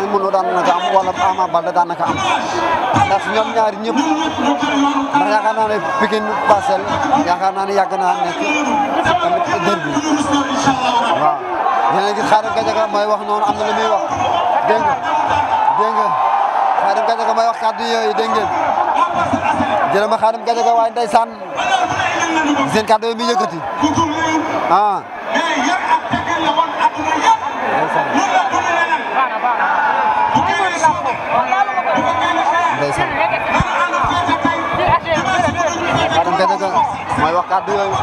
ne Modou Lo daan na ko am wala Ama Baldé daan na ko am ndax ñoom ñaari ñëpp ndax yaakaar naa ne Pikine Parcelles yaakaar naa ne yàgg naa nekk tamit derby waaw yéen a ngi Khadim Gadiaga may wax noonu am na lu muy wax dégg nga dégg nga Khadim Gadiaga may wax kàddu yooyu dégg ngeen jërëma Khadim Gadiaga waaye ndeysaan seen kàddu yooyu muy yëkkati ah. Bana, bana. ndeysaan Adam Gadiaga mooy wax kàddu yooyu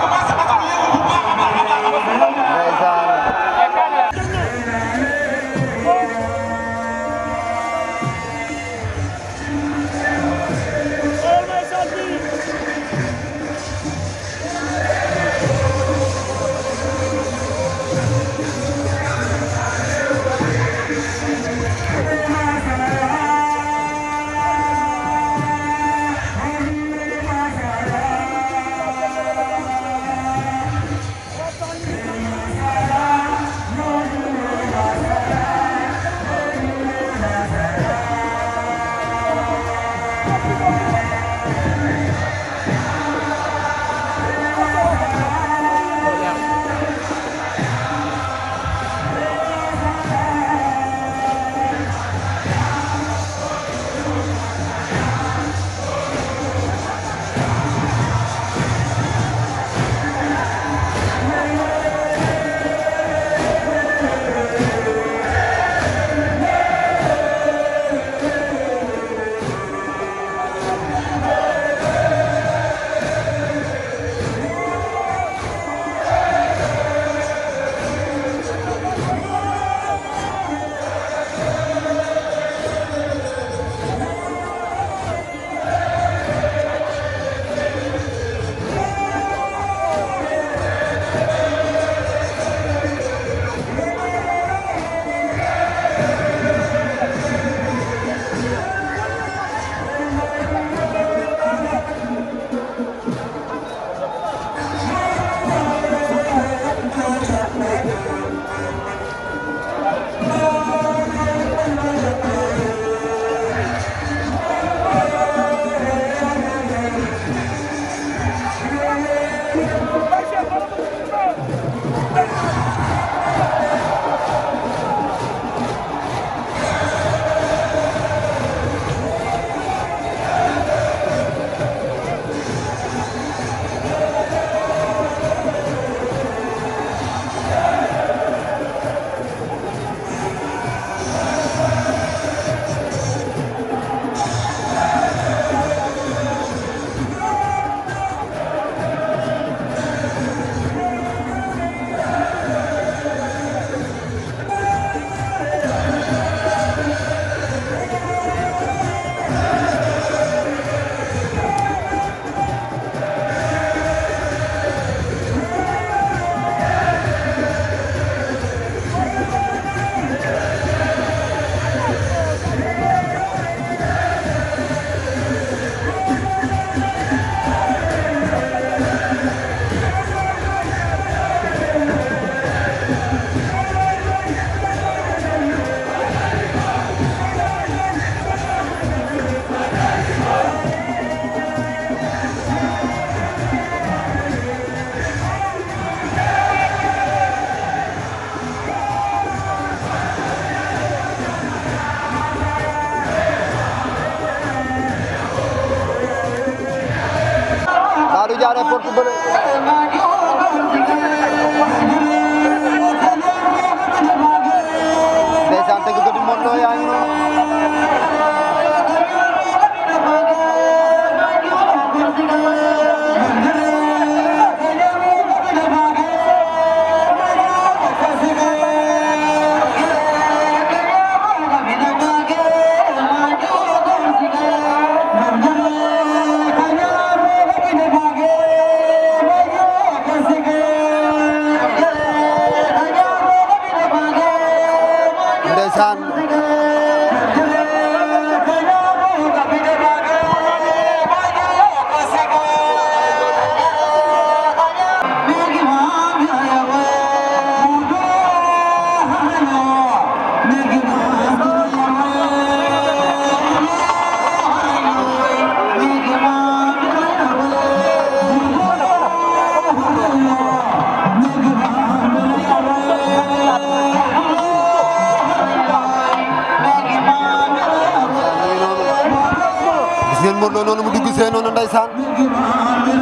moom moo ngi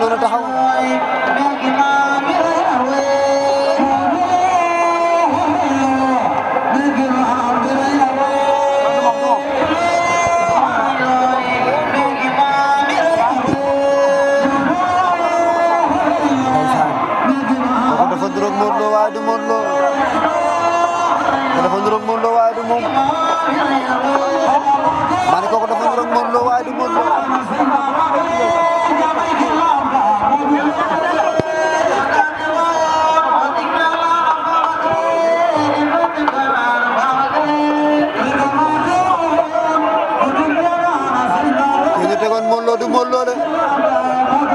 noonu taxaw dafa nduróog Modou Lo waaye du Modou Lo dafa nduróog Modou Lo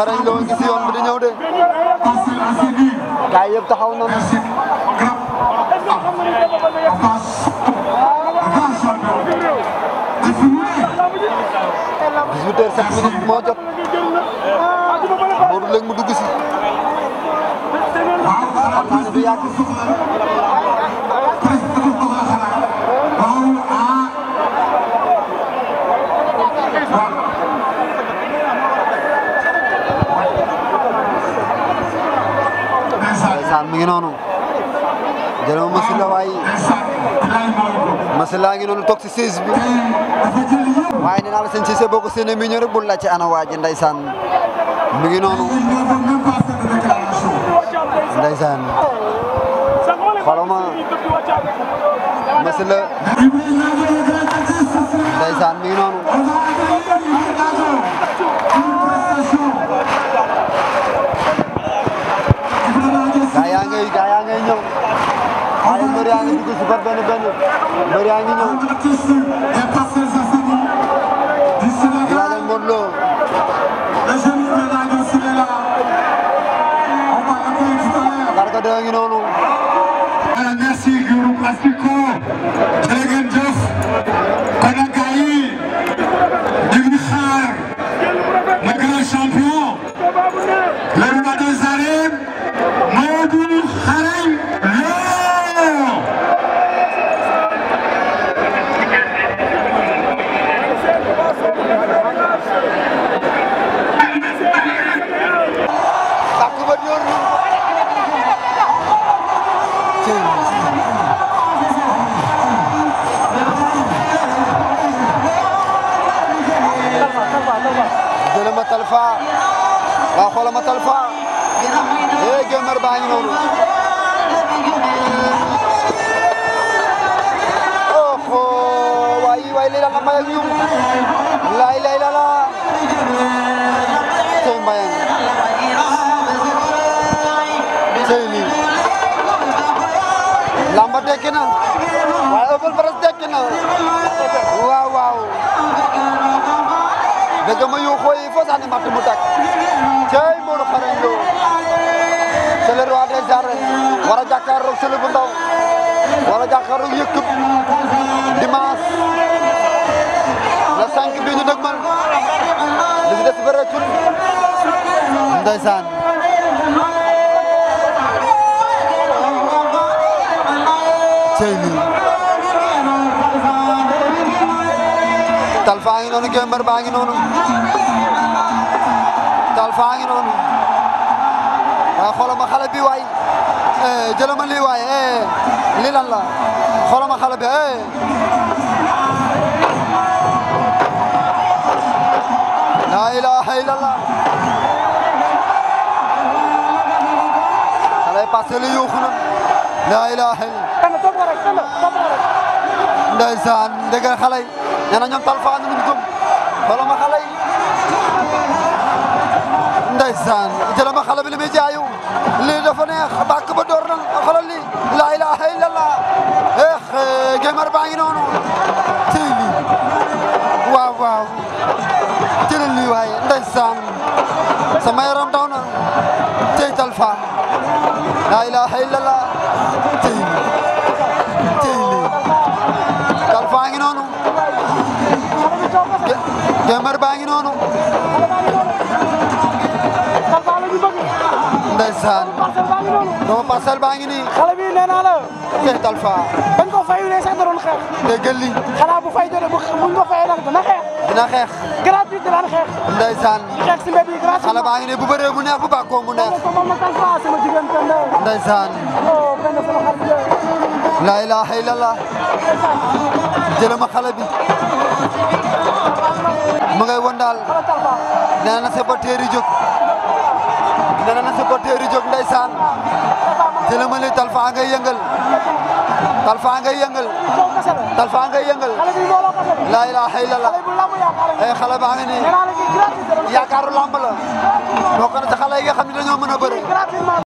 xarañ loo ngi si yoon bi di ñëw de gaay yëpp taxaw nañu dix-huit heures sept minutes moo jot Modou Lô mu dugg si xam naa ne du yàgg ngi noonu jëlal ma Massyla waaye Massyla ngi noonu toog si bi waaye nee naa seen Cissé boo ko séenee mi ñëw rek bul laajte ana waa ji ndeysaan mi ngi noonu mbër yaa ngi dugg si par benn benn mbër yaa ngi ñëw. Laadal Modou Lo. Garga da ngi noonu. Merci groupe téeméer baa ngi noonu la may ak ñoom laay laay la la tey mbayang tey lii lamba tekki na waaye Open Presse tekki na waaw waaw dëgg mu tàkk tey Modou Sélé roi des arènes war a jàkkaarloog Sélé bu ndaw war a jàkkaarloog Yëkëb dimanche le 5 bi ñu dëgmal li ci des bëreetul ndeysaan cey lii talfaa ngi noonu gémbër baa ngi noonu talfaa ngi noonu waaw ah, xoolal ma xale bi waay eh, jëlal ma lii waay eh, lii lan la xoolal ma xale bi eh. la ilaha illallah xale passé li yuuxu na la ilaha illallah ndeysaan ndege xale yi nee na ñoom Talfa ñu ngi gëm xoolal ma xale yi ndeysaan jëlal ma xale bi li muy jaayu lii dafa neex bàkk ba door na xoolal lii laa ilaaha illallah eh gémar baa ngi noonu tey lii waaw waaw jëlal lii waaye ndeysaan sama yaram daw na tey talfa laa ilaaha illallah tey lii tey noonu gémar baa ngi noonu ndeysaan doomu parcelle baa ngi nii xale bi nee naa la Ketal Fall bañ ko fayu ne sax da doon xeex déggal li xanaa bu fay jotee bu buñ ko fayee nag dina xeex dina xeex gratuit dina xeex ndeysaan xeex si mbedd yi gratuit xale baa ngi nii bu bëree mu neex bu bàkkoo mu neex sama jigéen Penda ndeysaan oh, la ilaha illallah jëlama xale bi mu ngay won daal nee na sa ba teeri jóg beneen supporteur yi jóg ndeysaan Télémali Talfa ngay yëngal Talfa ngay yëngal Talfa ngay yëngal laa ilaaha illallah ay eh, xale baa ngi nii yaakaaru lamb la bokk na ci xale yi nga xam ne dañoo mën a bëri